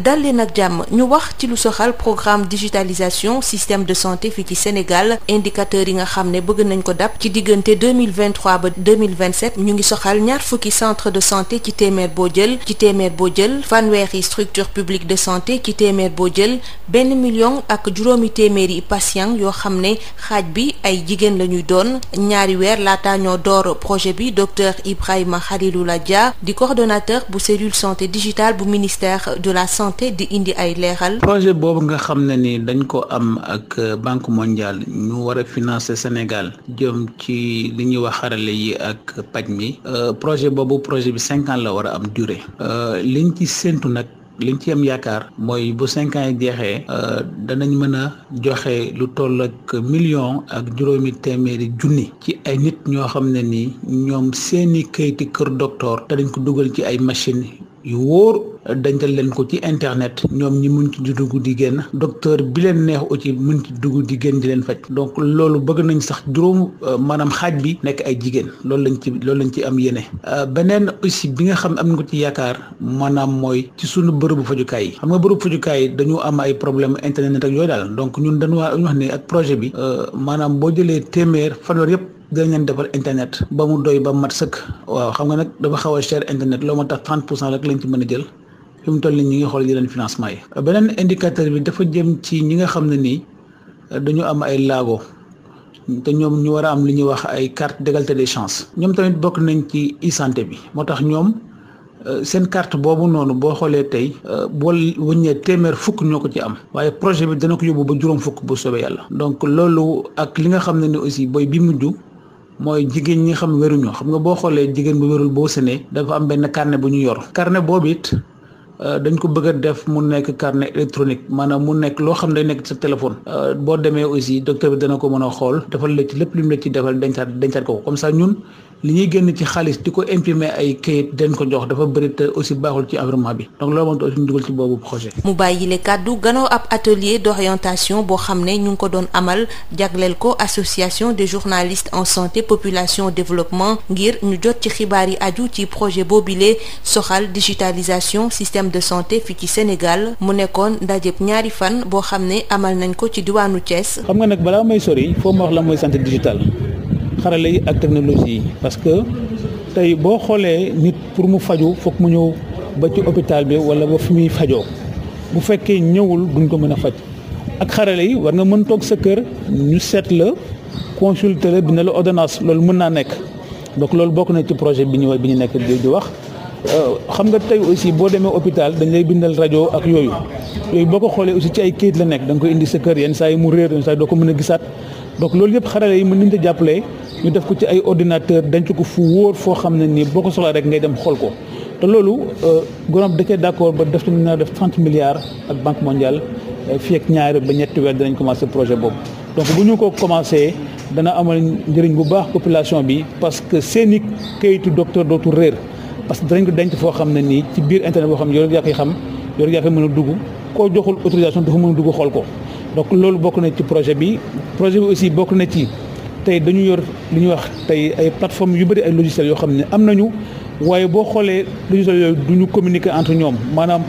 dal leen ak jàmm ñu wax ci lu soxal programme digitalisation système de santé fii ci Sénégal indicateurs yi nga xam ne bëgg nañ ko dab ci diggante 2023 ba 2027 ñu ngi soxal ñaar fukki centre de santé ci téeméer boo jël ci téeméer boo jël fanweeri structure publique de santé ci téeméer boo jël benn million ak juróomi téeméeri patient yoo xam ne xaaj bi ay jigéen la ñuy doon ñaari weer laata ñoo door projet bi docteur Ibrahima Khalilou Dia di coordonnateur bu cellule santé digitale bu ministère santé di indi ay leeral. projet boobu nga xam ne ni dañ ko am ak banque mondiale ñu war a financer Sénégal jëm ci li ñuy wax xarale yi ak paj mi euh, projet boobu projet bi cinq la war a am durée euh, liñ ci séntu nag. liñ ci am yaakaar mooy bu cinq ans yi jeexee euh, danañ mën a joxe lu toll ak million ak juróomi téeméeri junni ci ay nit ñoo xam ne ni ñoom seeni kayiti kër docteur te dañ ko dugal ci ay machine yu wóor dencal leen ko ci internet ñoom ñi mun ci di dugg di génn docteur bi leen neex aussi mun ci dugg di génn di leen faj donc loolu bëgg nañ sax juróom euh, maanaam xaaj bi nekk ay jigéen loolu lañ ci loolu lañ ci am yéene euh, beneen aussi bi nga xam am na ko ci yaakaar maanaam mooy ci sunu bërëbu fajukaay yi xam nga bërëbu fajukaay yi dañu am ay problème internet ak yooyu daal donc ñun dañu wax ne ak projet bi euh, maanaam boo jëlee téeméer fanweer yëpp gën leen defal internet ba mu doy ba mat sëkk waaw xam nga nag dafa xaw a cher internet loo moo tax trente pour cent rek lañ ci mën a jël fi mu toll nii ñu ngi xool yeneen financement yi. beneen indicateur bi dafa jëm ci ñi nga xam ne nii dañu am ay laago te ñoom ñu war a am li ñuy wax ay carte d'égalité des chances ñoom tamit bokk nañ ci e-santé bi moo tax ñoom. Euh, seen carte boobu noonu boo xoolee tey euh, bool wëññee téeméer fukk ñoo ko ci am waaye projet bi dana ko yóbbu ba juróom fukk bu soobee yàlla donc loolu ak li nga xam ne ni aussi booy bi mujj mooy jigéen ñi xam wéruñu xam nga boo xoolee jigéen bu wérul boo sënee dafa am benn karne bu ñu yor carnet boobu it euh, dañ ko bëgg a def mu nekk carnet électronique maanaam mu nekk loo xam ne day nekk sa téléphone euh, boo demee aussi docteur bi dana ko mën a xool defal la ci lépp lim la ci defal dencaat dencaat ko comme sax ñun li ñuy génn ci xaalis di ko imprimer ay kayit den ko jox dafa bëri te aussi baaxul ci environnement bi donc loolu moom aussi ñu dugal ci boobu projet. mu bàyyi le kàddu gannaaw ab atelier d'orientation boo xam ne ñu ngi ko doon amal jagleel ko association des journalistes en santé population développement ngir ñu jot ci xibaar yi aju ci projet boobile soxal digitalisation système de santé fii ci Sénégal mu nekkoon ndajeb ñaari fan boo xam ne amal nañ ko ci diwaanu Thiès. xam nga nag balaa may sori foo ma wax mooy santé digitale. xarala yi ak technologie yi parce que tey boo xoolee nit pour mu faju foog mu ñëw ba ci hôpital bi wala ba fi muy fajoo bu fekkee ñëwul duñ ko mën a faj ak xarala yi war nga mën toog sa kër ñu seet la consulter la dina la ordonnance loolu mën naa nekk donc loolu bokk na ci projet bi ñu bi ñu nekk di wax Euh, xam nga tey aussi boo demee hôpital dañu lay bindal rajo ak yooyu yooyu boo ko xoolee aussi ci ay kayit la nekk da nga koy indi sa kër yenn saa yi mu réer yenn saa yi doo ko mën a gisaat donc loolu yëpp xarale yi mën nañ ta jàppale ñu def ko ci ay ordinateur denc ko fu wóor foo xam ne nii boo ko soxlaa rek ngay dem xool ko te loolu euh, gouvernement da cee d'accord ba def nañu naa def 30 milliards ak banque mondiale euh, fi ak ñaari ba ñetti weer dinañ commencé projet boobu donc bu ñu ko commencé dana amal njëriñ bu baax population bi parce que seeni kayitu docteur dootul réer parce que danañ ko denc foo xam ne nii ci biir internet boo xam ne yow yaa koy xam yow yaa koy mën a dugg koo joxul autorisation dafa mën a dugg xool ko donc loolu bokk na ci projet bi projet bi aussi bokk na ci tey dañu yor li ñuy wax tey ay plateforme yu bëri ay logiciels yoo xam ne am nañu waaye boo xoolee logiciels yooyu du ñu communiquer entre ñoom maanaam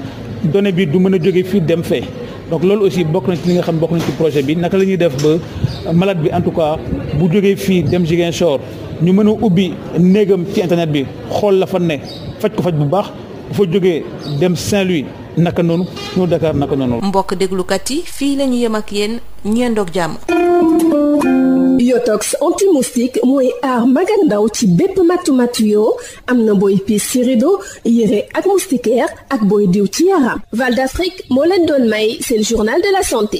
done bi du mën a jóge fii dem fee donc loolu aussi bokk na ci li nga xam bokk ci projet bi naka la ñuy def ba malade bi en tout cas bu jógee fii dem Ziguinchor ñu mën a ubbi néegam ci internet bi xool la fa ne faj ko faj bu baax bu fa jógee dem Saint-Louis naka noonu ñëw Dakar naka noonu. mbokk déglukat yi fii lañu ñu yem ak yéen ñeendoog jàmm. yotox anti moustique mooy aar mag ndaw ci bépp matu matu yoo am na booy piis ci rido yére ak moustiquaire ak booy diw ci yaram. Val d'Afrique moo leen doon may seen journal de la santé.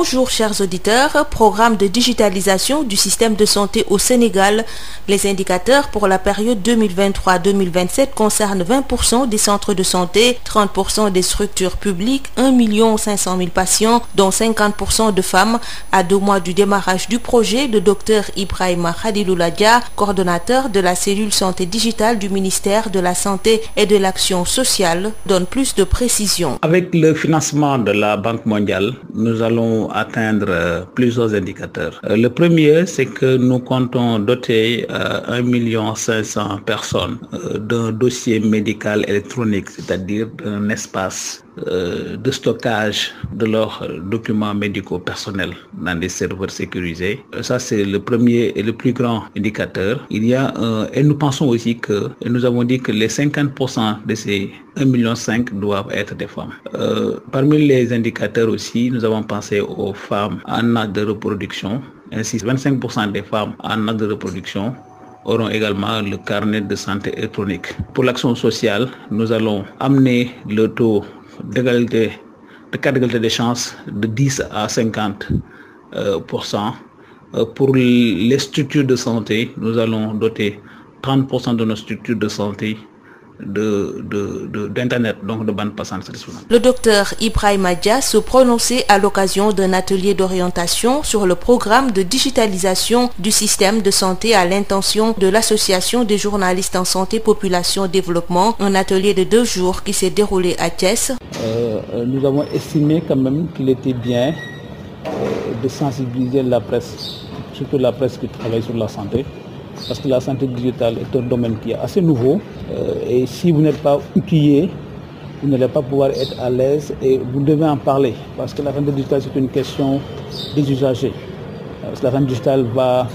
Bonjour chers auditeurs, programme de digitalisation de santé au Sénégal. Les indicateurs pour la période 2023-2027 concernent 20% des centres de santé, 30% des structures publiques, 1 500 000 patients, dont 50% de femmes. À deux mois du démarrage du projet, le docteur Ibrahima Khadilouladia, coordonnateur de la cellule santé digitale du ministère de la Santé et de l'Action sociale, donne plus de précisions. Avec le financement de la Banque mondiale, allons atteindre euh, plusieurs indicateurs. Euh, le premier, c'est que nous comptons doter 1 euh, 500 personnes d'un dossier médical électronique, c'est-à-dire d'un espace Euh, de stockage de leurs documents médicaux personnels dans des serveurs sécurisés. Euh, ça, c'est le premier et le plus grand indicateur. Il y a, euh, et nous pensons aussi que, nous avons dit que les 50% de ces 1,5 million doivent être des femmes. Euh, parmi les indicateurs aussi, nous avons pensé aux femmes en âge de reproduction. des femmes en âge de reproduction auront le carnet de santé électronique. Pour l'action sociale, d'égalité de cas d'égalité des chances de 10 à 50 euh, pour cent euh, pour les structures de santé nous allons doter 30 pour cent de nos structures de santé de, de, d'Internet, donc de bande passante satisfaisante. Le docteur Ibrahima Dia se prononçait à l'occasion d'un atelier d'orientation sur le programme de digitalisation du système de santé à l'intention de l'Association des journalistes en santé population développement, un atelier de deux jours qui s'est déroulé à Thiès. Euh, euh nous avons estimé quand même qu'il était bien euh, de sensibiliser la presse, la presse qui travaille sur la santé, parce que la santé digitale est un domaine qui est assez nouveau. Euh, et si vous n'êtes pas outillé, vous n'allez pas pouvoir être à l'aise et vous devez en parler parce que la santé digitale, c'est une question des usagers. Parce euh, que la santé digitale va,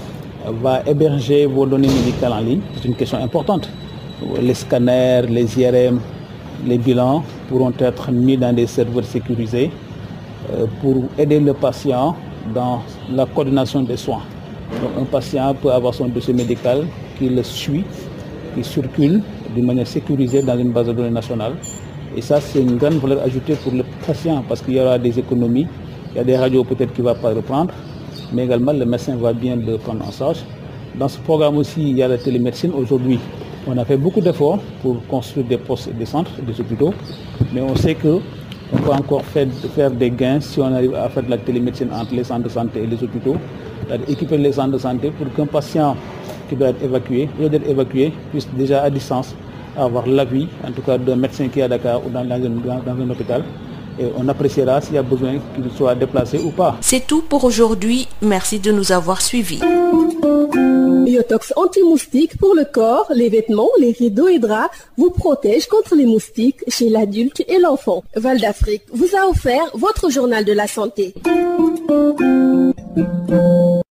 va héberger vos données médicales en ligne, c'est une question importante. Les scanners, les IRM, les bilans pourront être mis dans des serveurs sécurisés euh, pour aider le patient dans la coordination des soins. Donc un patient peut avoir son dossier médical qui le suit, qui circule d'une manière sécurisée dans une base de données nationale. Et ça, c'est une grande valeur ajoutée pour le patient parce qu'il y aura des économies, il y a des radios peut-être qu'il ne va pas reprendre, mais également le médecin va bien le prendre en charge. Dans ce programme aussi, il y a la télémédecine aujourd'hui. On a fait beaucoup d'efforts pour construire des postes, des centres, des hôpitaux, mais on sait que des à faire de la télémédecine entre les centres de santé et les centres de santé qui doit être évacué, et d'être évacué puisse déjà à distance avoir l'avis, en tout cas d'un médecin qui est à hôpital. Et on appréciera s'il y a besoin qu'il soit déplacé ou pas. C'est tout pour aujourd'hui. Merci de nous avoir suivis. Biotox anti pour le corps, les vêtements, les rideaux et draps vous protège contre les moustiques chez l'adulte et l'enfant. Val d'Afrique vous a offert votre journal de la santé.